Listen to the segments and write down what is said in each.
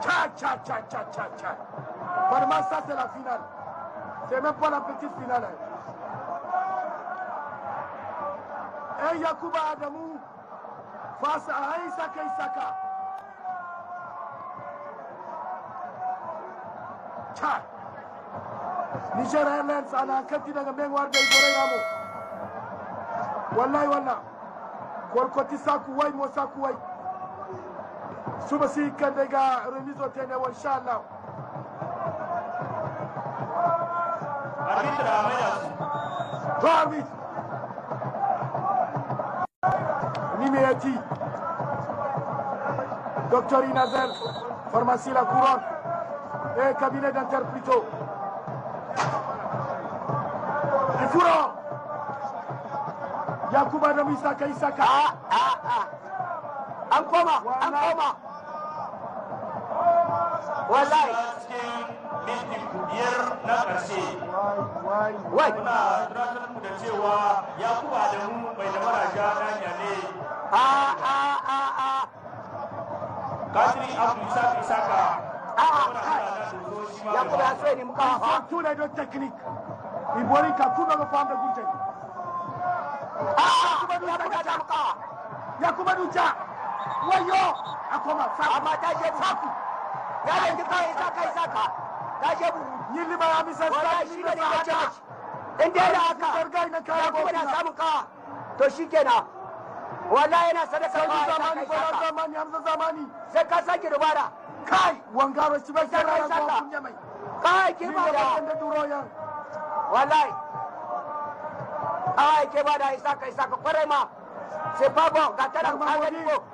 Tcha, tcha, tcha, tcha, tcha, tcha. Vraiment, ça, c'est la finale. C'est même pas la petite finale. Hein. Et Yakuba Adamou face à Isaka Isaka. Tcha. Niger Airlines anakati daga Mengwar da Igore Ramo. Wallahi wallah. Kolkoti saku wai mo saku wai suba si kande ga remise o tene wa insha Allah arbitre amaya nime yati docteur inazer pharmacie la couronne et cabinet dentaire plutôt Ifuro Yakuba Namisa Kaisaka ah ah ah Ankoma Ankoma wallahi cikin biyar na ƙarshe wai muna tunatar mu da cewa ya kuba da mu mai da maraja danya ne a a a a kadiri abu isa isaka a a a ya kuba ya sai ni muka ha tu na don technique ibori ka kuba ga fam da a a kuba du ya da muka ya kuma duka. ja wayo akoma sa je ya dangi kai sa kai sa ka ta she bu yi ya sa shi ne ka ce in dai da haka sargai na kai na samu ka to wallahi yana sadaka ba zamani ba zamani hamza zamani sai ka sake rubara kai wangaro shi ba sai ran kai ki ba da wallahi ai ke ba da isa kai sa ka kware ma sai babo ga taran ka ko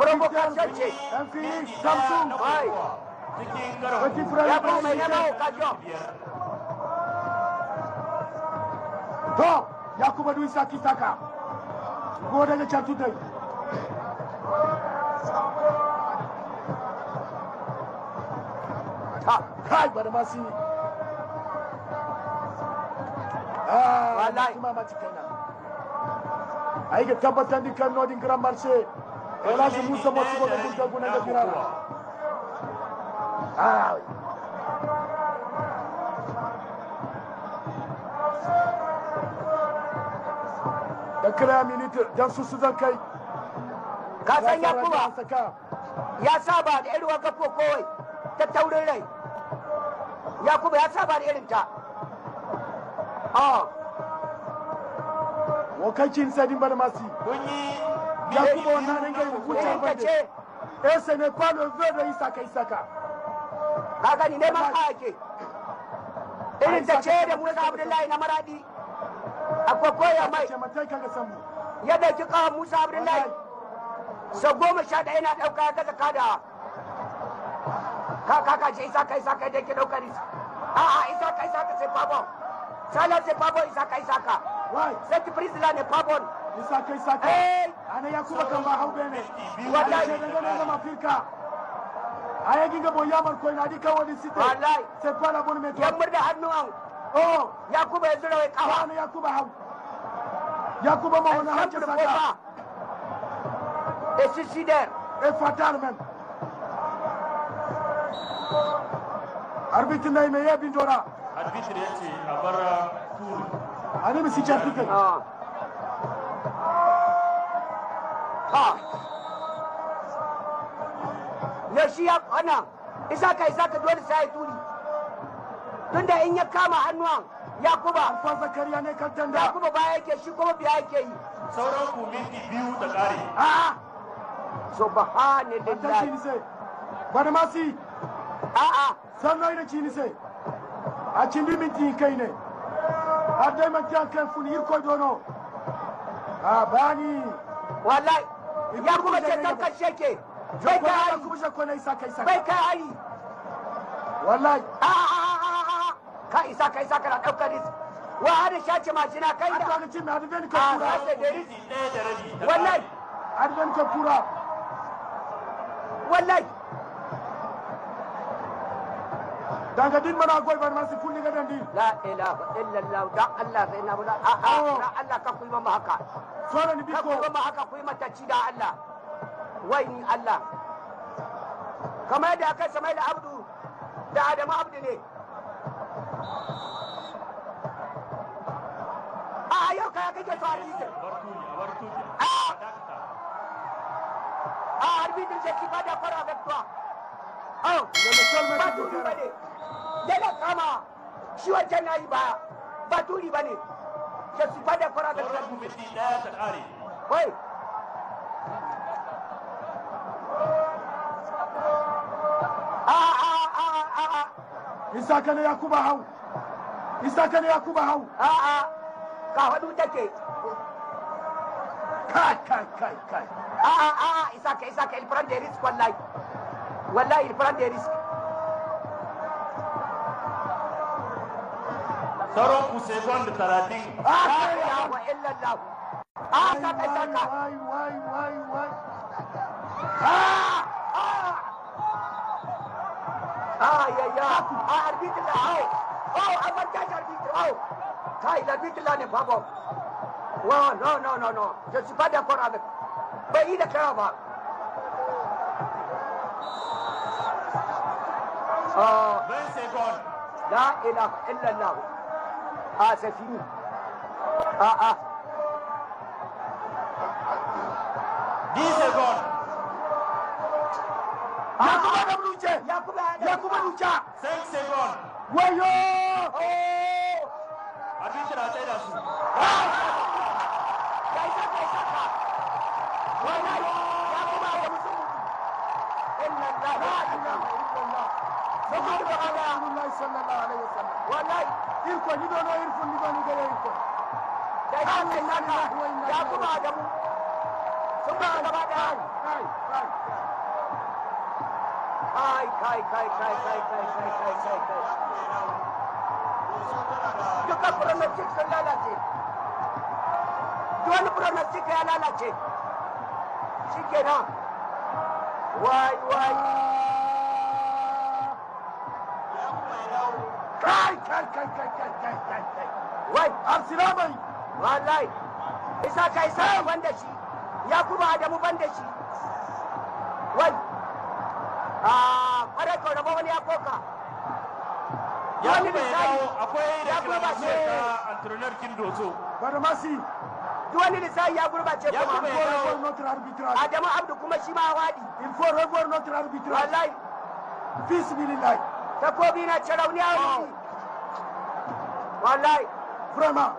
Provocação de ti. Samsung. Vai. Vai pra mim. É bom, é bom, Cadio. Tô. Já como do Isaac Itaca. Vou dar deixar tudo aí. Ha, hai pada masih. Ah, mana? mama cikana. Aye, kita bertanding kan, nodding kerambar sih. Lazima Mwachuko amekuja kunenda Kirara. Ah, da kira militar don su su zan kai ka san ya kuma ya saba da irin wanka ko kowai ta taurin rai ya kuma ya saba da irin ta ah. wakacin sadin balmasi kun yi ya kuma wannan ringar hukunta eh, ba ce eh ce ne pas le vœu de Isaka Isaka ka gani ne ma ake irin ta ce da Musa Abdullahi na maradi akwai koya mai ya dauki kawo Musa Abdullahi sau goma sha da na ɗauka ya gaza kada ka kaka ce Isaka Isaka da yake ɗaukar a'a Isaka Isaka sai babon Salah sai babon Isaka Isaka sai Prince ne babon isa kai saka ana ya kuma kan ba hau bene wallahi sai daga nan ma firka aya ginga bo yamar ko na dika wani site wallahi sai fara bon meto yan da hannu an oh ya kuma ya zura wai kafa ana ya kuma hau ya kuma ma wani hanci saka e suicidaire e fatal men arbitre nay a misi da shi ya kwana, isa ka isa ka dole sai turi tunda in ya kama hannuwan yakuba fa zakariya ne kan tanda yakuba baya yake shi kuma biya yake yi sauran ku minti biyu da kare a subhanallahi bari ma masi. a a sannan da kini sai a cin minti kai ne har dai man kan fun yirko dono a bani wallahi ya kuma ce kan kashe ke bai ka hari bai ka hari wallahi a a ka isa kai saka na dauka wa hada shace majina kai da ka cin ka kura da wallahi ka kura wallahi daga din mana goyi na masu kulli gadan din la ilaha illallah da Allah sai na bula a a na Allah ka kuima ma haka sore ni biko ka ma haka kuima ta ci da Allah wai ni Allah kamar da aka samai da abdu da adamu abdu ne a yau ka kake so a titi a arbitre harbi ki ba da fara ga tuwa Oh, le sol me yana kama shi wancan yayi ba ba turi ba ne je suis pas d'accord avec la oui ah ah ah ah, ah. isa kana yakuba hau isa ne yakuba hau ah ah ka hadu take kai kai kai kai a ah, a ah, a isa ka isa ka il prend des risques wallahi wallahi il prend des risques سرقوا سيفون بثلاثين لا إله إلا الله أعزب آه، إسكا آه، آه، واي واي واي واي آه آه آه يا يا آه أربيت الله آه آه أبن جاج أربيت الله آه تاي لربيت الله نبابو وا لا لا لا لا جسي بادي أكور عبك بايدة كرابا آه بين سيفون لا إله إلا الله Ah, c'est fini. Ah, ah. 10 secondes. Yakuba da Bluche. Yakuba 5 secondes. Wayo! Oh! irko ni dono irko ni dono gele irko ne ya kuma sun ba da kai kai kai kai kai kai kai kai kai kai duka sun lalace dole pronostic ya lalace wai wai absira bai wallahi isa ka isa ban da shi ya kuma adamu ban da shi wai a ah, kwarai ko da wani ya koka ya kuma ya dawo akwai da kilamace ta antronar kindoso barmasi duk duwani lissafi ya gurbace kuma adamu abdu kuma shi ma wadi in for revoir notre arbitrage wallahi bismillah takobi na ci a wani wallahi Vraiment.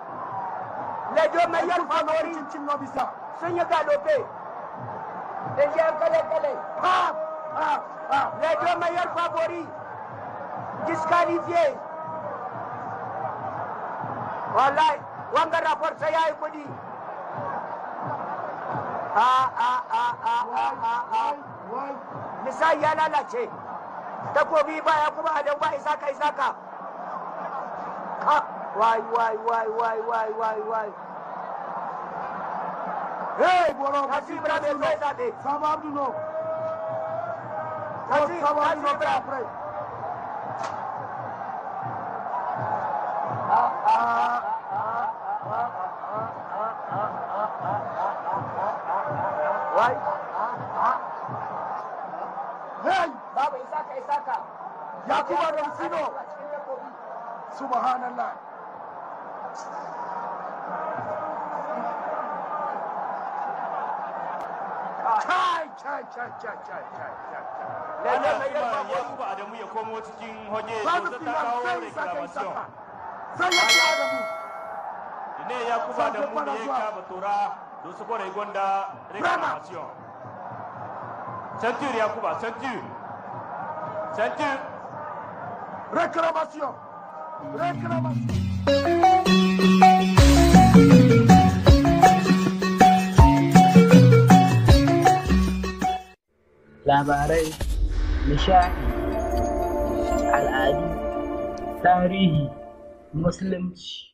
Les deux meilleurs favoris sont Galopé et Jean Kale Kale. Ah, ah, ah. Les deux meilleurs favoris disqualifiés. Wallahi, wanga rapport kudi. Ah, ah, ah, ah, ah, ah, ah. Misali ya lalace. Takobi baya kuma Adam ba isaka isaka. Guay, guay, guay, guay, guay, guay, guay. Hey, bueno, Kasim Bravo, Zade. Sama casi Ah, ah. Hey! Isaka Isaka. Yakuba Subhanallah. Kai, kai, kai, kai, Adamu ya komo cikin hoje da ta kawo reclamation. Sai ya kawo Adamu. Ne Yakubu Adamu ne ya kama tura don su kore gonda reclamation. Centur Yakuba, centur. Centur. Reclamation. Reclamation. labarai, nishaɗi, al'adu, tarihi, Musulunci.